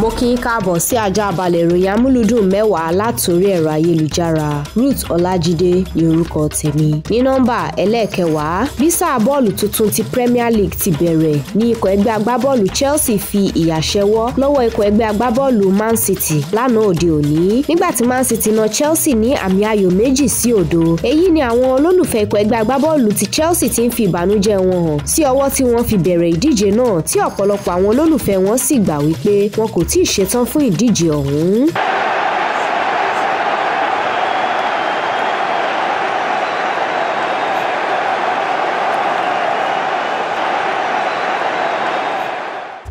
mo kí í káàbọ̀ sí ajá balẹ̀ ìròyìn amúlùdùn mẹ́wàá látòrí ẹ̀rọ ayélujára Ruth Ọlájídé ní orúkọ tèmi ní nọ́mbà ẹlẹ́ẹ̀kẹwàá bí sáà bọ́ọ̀lù tuntun ti Premier League ti bẹ̀rẹ̀ ní ikọ̀ ẹgbẹ́ agbábọ́ọ̀lù Chelsea fi ìyàṣẹ́wọ́ lọ́wọ́ ikọ̀ ẹgbẹ́ agbábọ́ọ̀lù Man City lánàá òde òní nígbà tí Man City na Chelsea ní àmì ayò méjì sí òdo èyí ni àwọn olólùfẹ́ ikọ̀ ẹgbẹ́ agbábọ́ọ̀lù ti Chelsea ti ń fi ìbànújẹ́ wọn hàn sí ọwọ́ tí wọ́n fi bẹ̀rẹ̀ ìdíje náà tí ọ̀pọ̀lọpọ̀ àwọn olólùfẹ́ wọn sì gbà wípé wọn kò tí tí ì ṣetán fún ìdíje ọ̀hún.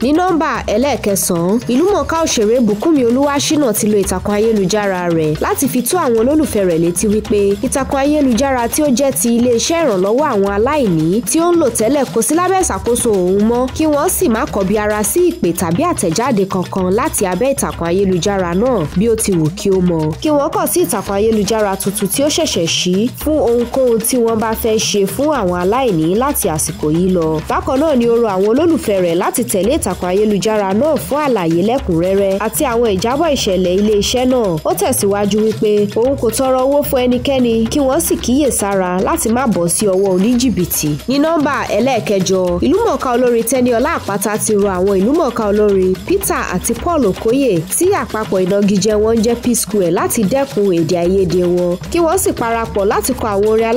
ní nọ́mbà ẹlẹ́ẹ̀kẹsàn-án ìlúmọ̀ọ́ká òṣèré Bùkúnmi Olúwaṣínà ti lo ìtàkùn ayélujára rẹ̀ láti fi tó àwọn olólùfẹ́ rẹ̀ létí wípé ìtàkùn ayélujára tí ó jẹ́ ti iléeṣẹ́ ìrànlọ́wọ́ àwọn aláìní tí ó ń lò tẹ́lẹ̀ kò sí lábẹ́ ìṣàkóso òun mọ́ kí wọ́n sì má kọbi ara sí ìpè tàbí àtẹ̀jáde kankan láti abẹ́ ìtàkùn ayélujára náà bí ó ti wù kí ó mọ kí wọ́n kàn sí ìtàkùn ayélujára tuntun tí ó ṣẹ̀ṣẹ̀ ṣí fún ohunkóhun tí wọ́n bá fẹ́ ṣe fún àwọn aláìní láti àsìkò yìí lọ bákan náà ni ó rọ àwọn olólùfẹ́ rẹ̀ láti tẹ̀lé ìt ìtàkùn ayélujára náà fún àlàyé lẹ́kùnrẹ́rẹ́ àti àwọn ìjábọ̀ ìṣẹ̀lẹ̀ ilé-iṣẹ́ náà ó tẹ̀síwájú wípé òun kò tọrọ owó fún ẹnikẹ́ni kí wọ́n sì kíyèsára láti má bọ́ sí ọwọ́ oníjìbìtì. ní nọ́mbà ẹlẹ́ẹ̀kẹjọ ìlúmọ̀ọ́ká olórin Tẹ́níọlá Àpáta ti rọ àwọn ìlúmọ̀ọ́ká olórin Peter àti Paul Okoye tí àpapọ̀ ìnagijẹ wọn jẹ́ P-Square láti dẹ́kun èdè àìyedè wọn kí wọ́n sì parapọ̀ láti kọ àwọn orin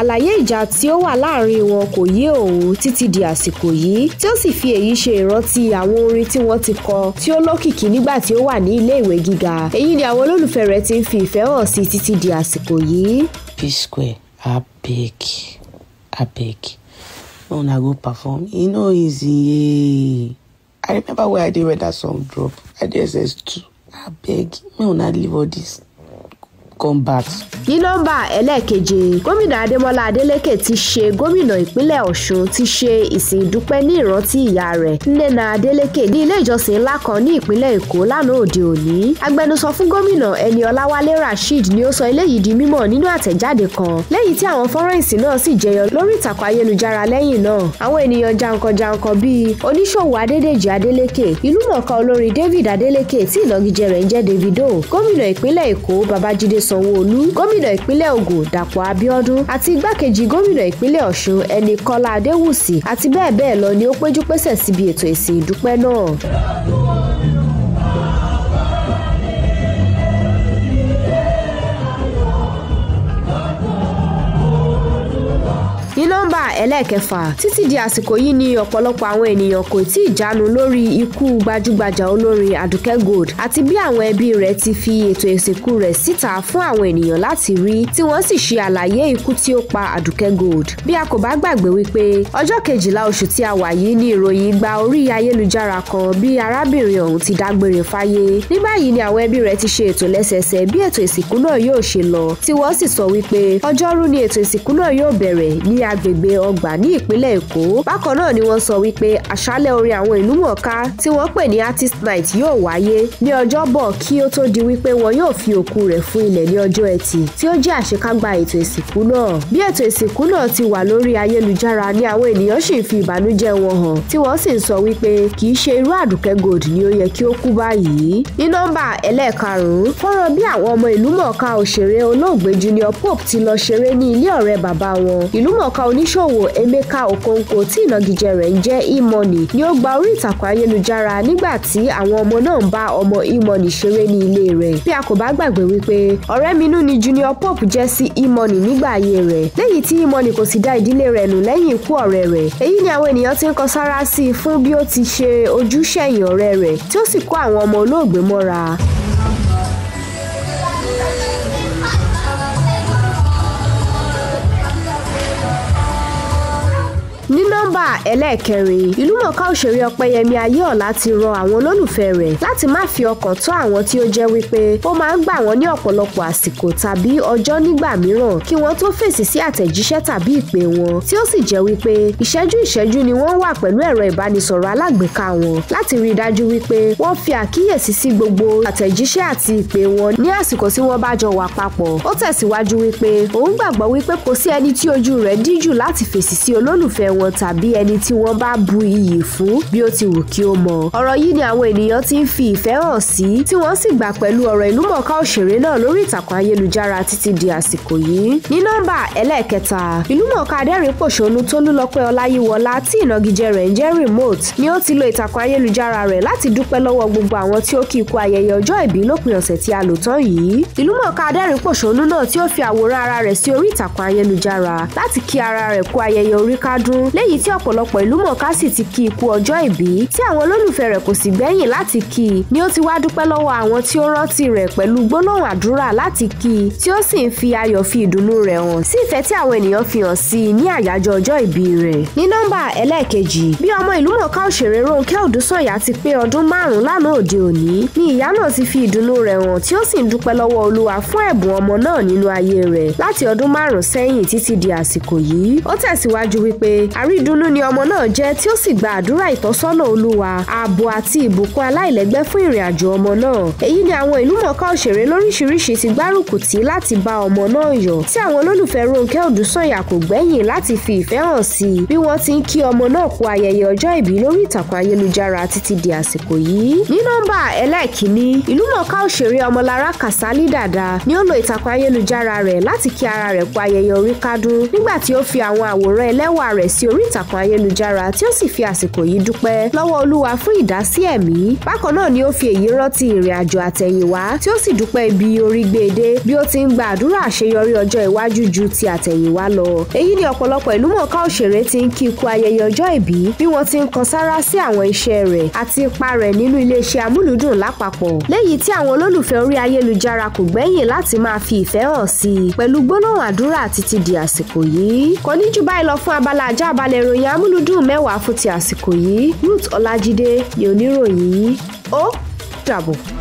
àlàyé ìjà tí ó wà láàrin wọn kò yí ayé òun títí di àsìkò yìí tí ó sì fi èyí ṣe ìrántí àwọn orin tí wọ́n ti kọ tí ó lókìkí nígbà tí ó wà ní ilé ìwé gíga èyí ni àwọn olólùfẹ́ rẹ̀ ti ń fi ìfẹ́ hàn sí títí di àsìkò yìí. P-Square abeg abeg no una go perform e no easy eh. I remember where I dey when that song drop I dey SS2 abeg make una leave all this combat. ní nọ́mbà ẹlẹ́ẹ̀keje gómìnà adémọlá adélékè ti ṣe gómìnà ìpínlẹ̀ ọ̀ṣun ti ṣe ìsìn ìdúpẹ́ ní ìrántí ìyá rẹ̀ nnena adélékè ní ilé ìjọsìn ńlá kan ní ìpínlẹ̀ èkó lánàá òde òní agbẹnusọ fún gómìnà ẹni ọláwálé rasheed ni ó sọ eléyìí di mímọ̀ nínú àtẹ̀jáde kan lẹ́yìn tí àwọn fọ́nrán ìsìn náà sì jẹyọ lórí ìtàkùn ayélujára lẹ́yìn náà àwọn ènìyàn jankan-jankan bíi oníṣòwò adédèjì adélékè ìlúmọ̀ọ́ká olórin david adeleke tí ìnagijẹ rẹ̀ ń jẹ́ davido gómìnà ìpínlẹ̀ èkó babájídé sọ sanwó-olu gómìnà ìpínlẹ̀ ògùn dàpọ̀ abíọ́dún àti igbákejì gómìnà ìpínlẹ̀ ọ̀ṣun ẹni kọ́lá adéwùsì àti bẹ́ẹ̀ bẹ́ẹ̀ lọ ni ó péjú pésẹ̀ síbi ètò ìsìn ìdúpẹ́ náà. ẹlẹ́ẹ̀kẹfà títí di àsìkò yìí ni ọ̀pọ̀lọpọ̀ àwọn ènìyàn kò tí ì jánu lórí ikú gbajúgbajà olórin Àdùkẹ́ Gold àti bí àwọn ẹbí rẹ̀ ti fi ètò ìsìnkú rẹ̀ síta fún àwọn ènìyàn láti rí tí wọ́n sì ṣe àlàyé ikú tí ó pa Àdùkẹ́ Gold bí a kò bá gbàgbé wípé ọjọ́ kejìlá oṣù tí a wà yìí ni ìròyìn gba orí ayélujára kan bí arábìnrin ọ̀hún ti dágbére fáyé ní báyìí ni àwọn ẹbí rẹ̀ ti ṣe ètò lẹ́sẹẹsẹ bí ètò ìsìnkú náà yóò ṣe lọ tí wọ́n sì sọ wípé ọjọ́rú ni ètò ìsìnkú náà yóò bẹ̀rẹ̀ ní agbègbè ọgbà ní ìpínlẹ̀ Èkó bákan náà ni wọ́n sọ wípé àṣálẹ̀ orin àwọn ìlúmọ̀ọ́ká tí wọ́n pè ní artist night yóò wáyé ní ọjọ́bọ̀ kí ó tó di wípé wọn yóò fi òkú rẹ̀ fún ilẹ̀ ní ọjọ́ ẹtì tí ó jẹ́ àṣekágbá ètò ìsìnkú náà bí ètò ìsìnkú náà ti wà lórí ayélujára ni àwọn ènìyàn sì ń fi ìbànújẹ́ wọn hàn tí wọ́n sì ń sọ wípé kì í ṣe irú àdùkẹ́ gold ni ó yẹ kí ó kú báyìí ní nọ́mbà ẹlẹ́ẹ̀karùn-ún fọ́nrán bí àwọn ọmọ ìlúmọ̀ọ́ká òṣèré olóògbé Junior Pope ti lọ ṣeré ní ilé ọ̀rẹ́ bàbá wọn ìlúmọ̀ọ́ká oníṣòw olówó Emeka Okonkwo tí ìnagijẹ rẹ̀ ń jẹ́ e-money ni ó gba orí ìtàkùn ayélujára nígbà tí àwọn ọmọ náà ń bá ọmọ e-money ṣeré ní ilé rẹ̀ bí a kò bá gbàgbé wípé ọ̀rẹ́ minú ni Junior Pop jẹ́ sí e-money nígbà ayé rẹ̀ lẹ́yìn tí e-money kò sì dá ìdílé rẹ̀ nù lẹ́yìn ikú ọ̀rẹ́ rẹ̀ èyí ni àwọn ènìyàn ti ń kọ sára sí i fún bí ó ti ṣe ojúṣẹ̀yìn ọ̀rẹ́ rẹ̀ tí ó sì kó àwọn ọmọ olóògbé mọ́ra. ní nọ́mbà ẹlẹ́ẹ̀kẹrin ìlúmọ̀ọ́ká òṣèré ọpẹ́yẹmí ayéọ̀lá ti rọ àwọn olólùfẹ́ rẹ̀ láti má fi ọkàn tó àwọn tí ó jẹ́ wípé ó máa ń gbà wọ́n ní ọ̀pọ̀lọpọ̀ àsìkò tàbí ọjọ́ nígbà mìíràn kí wọ́n tó fèsì sí àtẹ̀jíṣẹ́ tàbí ìpè wọn tí ó sì jẹ́ wípé ìṣẹ́jú ìṣẹ́jú ni wọ́n wà pẹ̀lú ẹ̀rọ ìbánisọ̀rọ̀ alágbèéká wọn láti rí i dájú wípé wọ́n fi àkíyèsí sí gbogbo àtẹ̀jíṣẹ́ àti ìpè wọn ní àsìkò tí wọ́n bá jọ wà papọ̀ ó tẹ̀síwájú wípé òun gbàgbọ́ wípé kò sí ẹni tí ojú rẹ̀ díjù láti fèsì sí olólùfẹ́ wọn tàbí ẹni tí wọ́n bá bu iyì fún bí ó ti wù kí ó mọ. ọ̀rọ̀ yìí ni àwọn ènìyàn ti ń fi ìfẹ́ hàn sí tí wọ́n sì gbà pẹ̀lú ọ̀rọ̀ ìlúmọ̀ọ́ká òṣèré náà lórí ìtàkùn ayélujára títí di àsìkò yìí. ní nọ́mbà ẹlẹ́ẹ̀kẹta ìlúmọ̀ọ́ká adẹ́rìn-pòṣónú Tolúlọpẹ́ Ọláyíwọlá tí ìnagijẹ rẹ̀ ń jẹ́ remote ni ó ti lo ìtàkùn ayélujára rẹ̀ láti dúpẹ́ lọ́wọ́ gbogbo àwọn tí ó kí ikú ayẹyẹ ọjọ́ ìbí lópin ọ̀sẹ̀ tí a lò tán yìí. ìlúmọ̀ọ́ká adẹ́rìn-pòṣónú náà tí ó fi àwòrán ara rẹ̀ sí orí ìtàkùn ayélujára láti kí ara rẹ̀ kú ayẹyẹ oríkádún léyìí tí ọ̀pọ̀lọpọ̀ ìlúmọ̀ọ́ká sì ti kí i kú ọjọ́ ìbí tí àwọn olólùfẹ́ rẹ̀ kò sì gbẹ́yìn láti kí i ni ó ti wá dúpẹ́ lọ́wọ́ àwọn tí ó rántí rẹ̀ pẹ̀lú gbólóhùn àdúrà láti kí i tí ó sì ń fi ayọ̀ fi ìdùnnú rẹ̀ hàn sí ìfẹ́ tí àwọn ènìyàn fi hàn sí i ní àyájọ́ ọjọ́ ìbí rẹ̀. ní nọ́mbà ẹlẹ́ẹ̀kejì bí ọmọ ìlúmọ̀ọ́ká òṣèré Rónkẹ́ Odúsànyà ti pé ọdún márùn-ún lánàá òde òní ni ìyá náà ti fi ìdùnnú rẹ̀ hàn tí ó sì ń dúpẹ́ lọ́wọ́ Olúwa fún ẹ̀bùn ọmọ náà nínú ayé rẹ̀ láti ọdún márùn-ún sẹ́yìn títí di àsìkò yìí ó tẹ̀síwájú wípé àrídùnnú ni ọmọ náà jẹ́ tí ó sì gba àdúrà ìtọ́sọ́nà olúwa ààbò àti ìbùkún aláìlẹ́gbẹ́ fún ìrìn àjò ọmọ náà èyí ni àwọn ìlúmọ̀ọ́ká òṣèré lóríṣiríṣi ti gbárùkù tí láti bá ọmọ náà yọ̀ tí àwọn olólùfẹ́ Rónkẹ́ Odùsànyà kò gbẹ́yìn láti fi ìfẹ́ hàn sí i bí wọ́n ti ń kí ọmọ náà kú ayẹyẹ ọjọ́ ìbí lórí ìtàkùn ayélujára títí di àsìkò yìí ní nọ́mbà ẹlẹ́ẹ̀kínní ìlúmọ̀ọ́ká òṣèré ọmọlára Kàsálí Dàda ni ó lo ìtàkùn ayélujára rẹ̀ láti kí ara rẹ̀ kú ayẹyẹ orí kádún nígbà tí ó fi àwọn àwòrán ẹlẹ́wà rẹ̀ sí orí ìtàkùn ayélujára tí ó sì fi àsìkò yìí dúpẹ́ lọ́wọ́ olúwa fún ìdásí ẹ̀mí bákan náà ni ó fi èyí rántí ìrìn àjò àtẹ̀yìnwá tí ó sì dúpẹ́ ibi orí gbèdé e bí ó ti ń gba àdúrà àṣeyọrí ọjọ́ iwájú ju ti àtẹ̀yìnwá lọ èyí ni ọ̀pọ̀lọpọ̀ ìlúmọ̀ọ́ká òṣèré ti ń kí ikú ayẹyẹ ọjọ́ ìbí bí wọ́n ti ń kan sára sí àwọn iṣẹ́ rẹ̀ àti ipa rẹ̀ nínú iléeṣẹ́ amúlùdùn lápapọ̀ léyìí tí àwọn olólùfẹ́ orí ayélujára kò gbẹ́yìn láti máa fi ìfẹ́ hàn sí pẹ̀lú gbólóhùn àdúrà títí di àsìkò yìí kò ní jù báyìí lọ fún abala ajá àkàbàlẹ̀ ìròyìn amúlùdùn mẹ́wàá fún ti àsìkò yìí Ruth Ọlájídé ni oníròyìn yìí ó dàbọ̀.